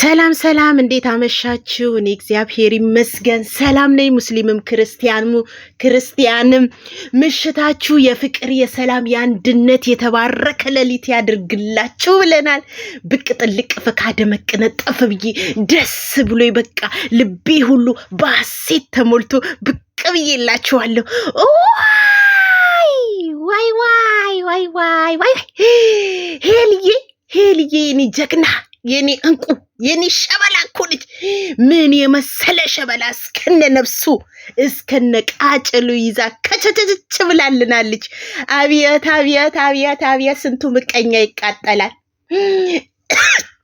ሰላም ሰላም፣ እንዴት አመሻችሁ? እኔ እግዚአብሔር ይመስገን ሰላም ነኝ። ሙስሊምም ክርስቲያኑ ክርስቲያንም ምሽታችሁ የፍቅር የሰላም የአንድነት የተባረከ ሌሊት ያድርግላችሁ ብለናል። ብቅ ጥልቅ ፈካ ደመቅ ነጠፍ ብዬ ደስ ብሎ በቃ ልቤ ሁሉ በሐሴት ተሞልቶ ብቅ ብዬላችኋለሁ። ዋይ ዋይ ዋይ ዋይ ዋይ ሄልዬ ሄልዬ እኔ ጀግና የኔ እንቁ የኔ ሸበላ እኮ ልጅ ምን የመሰለ ሸበላ እስከነ ነፍሱ እስከነ ቃጭሉ ይዛ ከቸቸች ብላልናለች። አብያት አብያት አብያት አብያት ስንቱ ምቀኛ ይቃጠላል።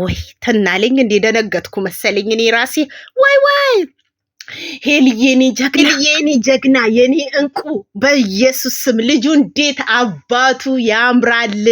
ወይ ተናለኝ እንዴ ደነገጥኩ መሰለኝ እኔ ራሴ ወይ ወይ ሄል የኔ ጀግና የኔ ጀግና የኔ እንቁ በኢየሱስ ስም ልጁ እንዴት አባቱ ያምራል!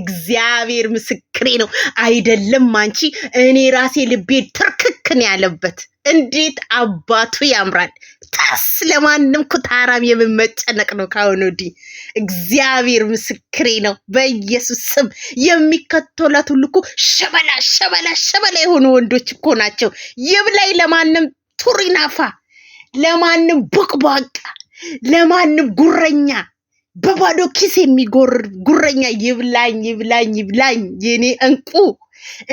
እግዚአብሔር ምስክሬ ነው። አይደለም አንቺ እኔ ራሴ ልቤ ትርክክን ያለበት እንዴት አባቱ ያምራል። ተስ ለማንም ኩታራም የምመጨነቅ ነው ካሁን ወዲህ። እግዚአብሔር ምስክሬ ነው። በኢየሱስ ስም የሚከተላት ሁሉ እኮ ሸበላ ሸበላ ሸበላ የሆኑ ወንዶች እኮ ናቸው። ይብላኝ ለማንም ቱሪናፋ ለማንም ቡቅቧቃ ለማንም ጉረኛ በባዶ ኪስ የሚጎርር ጉረኛ ይብላኝ ይብላኝ ይብላኝ የኔ እንቁ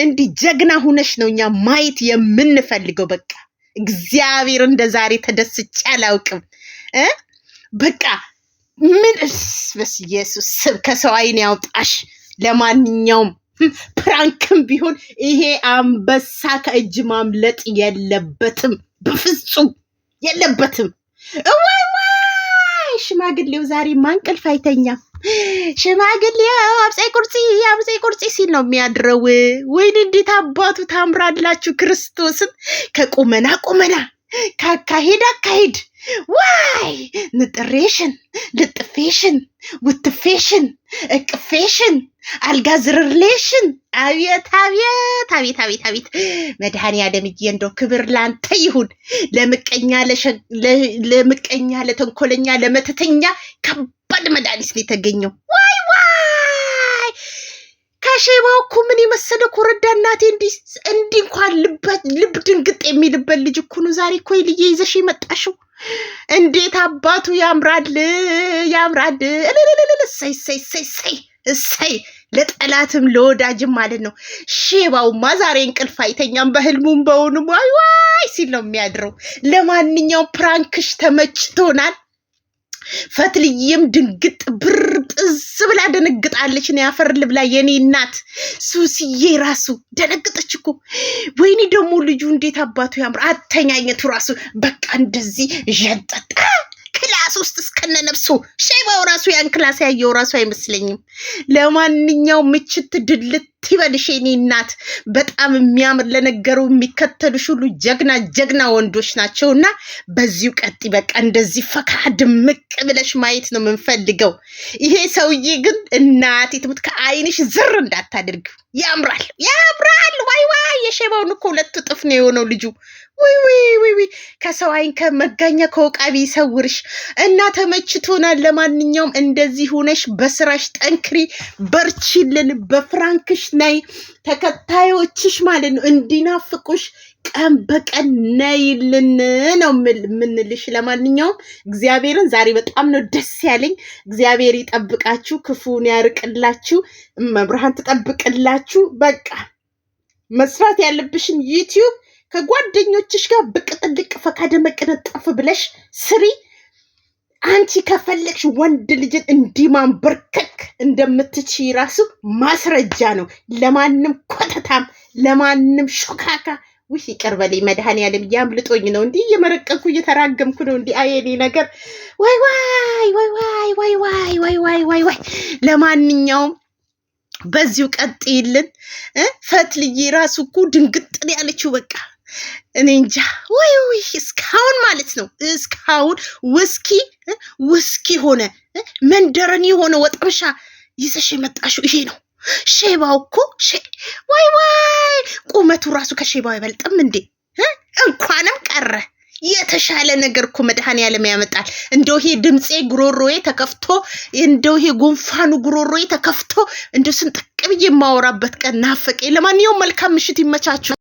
እንዲህ ጀግና ሁነሽ ነው እኛ ማየት የምንፈልገው። በቃ እግዚአብሔር እንደ ዛሬ ተደስቼ አላውቅም። በቃ ምን በስ ኢየሱስ ስብ ከሰው አይን ያውጣሽ። ለማንኛውም ፕራንክም ቢሆን ይሄ አንበሳ ከእጅ ማምለጥ የለበትም። በፍጹም የለበትም። እዋይ ዋይ! ሽማግሌው ዛሬ እንቅልፍ አይተኛም። ሽማግሌው አብፀይ ቁርፂ አብፀይ ቁርፂ ሲል ነው የሚያድረው። ወይን እንዴት አባቱ ታምራላችሁ! ክርስቶስን ከቁመና ቁመና ካካሄድ አካሄድ ዋይ ንጥሬሽን፣ ልጥፌሽን፣ ውትፌሽን፣ እቅፌሽን፣ አልጋ ዝርርሌሽን አቤት አቤት አቤት አቤት አቤት መድኃኔዓለምዬ እንደው ክብር ላንተ ይሁን። ለምቀኛ ለምቀኛ፣ ለተንኮለኛ፣ ለመተተኛ ከባድ መድኃኒት ነው የተገኘው። ዋይ ሻይባው እኮ ምን የመሰለ ኮረዳ እናቴ፣ እንዲህ እንኳን ልብ ድንግጥ የሚልበት ልጅ እኮ ነው። ዛሬ እኮ ልዬ ይዘሽ የመጣሽው እንዴት አባቱ ያምራል ያምራል! እልልልልል! እሰይ እሰይ እሰይ እሰይ! ለጠላትም ለወዳጅም ማለት ነው። ሼባውማ ዛሬ እንቅልፍ አይተኛም፣ በህልሙም በውኑም ዋይ ዋይ ሲል ነው የሚያድረው። ለማንኛውም ፕራንክሽ ተመችቶናል። ፈትልዬም ድንግጥ ብር ጥዝ ብላ ደነግጣለች። ነ ያፈር ልብላ የኔ እናት ሱስዬ ራሱ ደነግጠች እኮ። ወይኔ ደግሞ ልጁ እንዴት አባቱ ያምር! አተኛኘቱ ራሱ በቃ እንደዚህ ዠጠጣ ክላስ ውስጥ እስከነ ነብሱ ሼባው ራሱ ያን ክላስ ያየው ራሱ አይመስለኝም። ለማንኛውም ምችት ድልት ይበልሽ የኔ እናት። በጣም የሚያምር ለነገሩ የሚከተሉሽ ሁሉ ጀግና ጀግና ወንዶች ናቸው እና በዚሁ ቀጥ በቃ እንደዚህ ፈካ ድምቅ ብለሽ ማየት ነው የምንፈልገው። ይሄ ሰውዬ ግን እናት ትሙት ከአይንሽ ዝር እንዳታደርግ። ያምራል ያምራል። ዋይ ዋይ የሼባውን እኮ ሁለቱ ጥፍ ነው የሆነው ልጁ ዊ ከሰው አይን ከመጋኛ ከወቃቢ ይሰውርሽ እና ተመችቶናል። ለማንኛውም እንደዚህ ሆነሽ በስራሽ ጠንክሪ፣ በርችልን በፍራንክሽ ናይ ተከታዮችሽ ማለት ነው እንዲናፍቁሽ ቀን በቀን ነይልን ነው የምንልሽ። ለማንኛውም እግዚአብሔርን ዛሬ በጣም ነው ደስ ያለኝ። እግዚአብሔር ይጠብቃችሁ፣ ክፉን ያርቅላችሁ፣ መብርሃን ትጠብቅላችሁ። በቃ መስራት ያለብሽን ዩቲዩብ ከጓደኞችሽ ጋር ብቅ ጥልቅ ፈካደመቅነጠፍ ብለሽ ስሪ። አንቺ ከፈለግሽ ወንድ ልጅን እንዲማን በርከክ እንደምትች ራሱ ማስረጃ ነው። ለማንም ኮተታም፣ ለማንም ሾካካ ውሽ ይቀርበልኝ መድኃኔዓለም ያምልጦኝ ነው። እንዲህ እየመረቀኩ እየተራገምኩ ነው። እንዲህ አየኔ ነገር ወይ ወይ ወይ ወይ ወይ ወይ ወይ ወይ ወይ ወይ ለማንኛውም በዚሁ ቀጥ ይልን ፈትልዬ ራሱ እኮ ድንግጥ ያለችው በቃ እኔ እንጃ ወይ ወይ እስካሁን ማለት ነው እስካሁን ውስኪ ውስኪ ሆነ መንደረን የሆነ ወጠብሻ ይዘሽ የመጣሽው ይሄ ነው። ሼባው እኮ ወይ ወይ ቁመቱ ራሱ ከሼባው አይበልጥም እንዴ! እንኳንም ቀረ የተሻለ ነገር እኮ መድሃን ያለም ያመጣል። እንደው ይሄ ድምፄ ጉሮሮዬ ተከፍቶ እንደው ይሄ ጉንፋኑ ጉሮሮዬ ተከፍቶ እንደው ስንጥቅ ብዬ የማወራበት ቀን ናፈቀኝ። ለማንኛውም መልካም ምሽት ይመቻችሁ።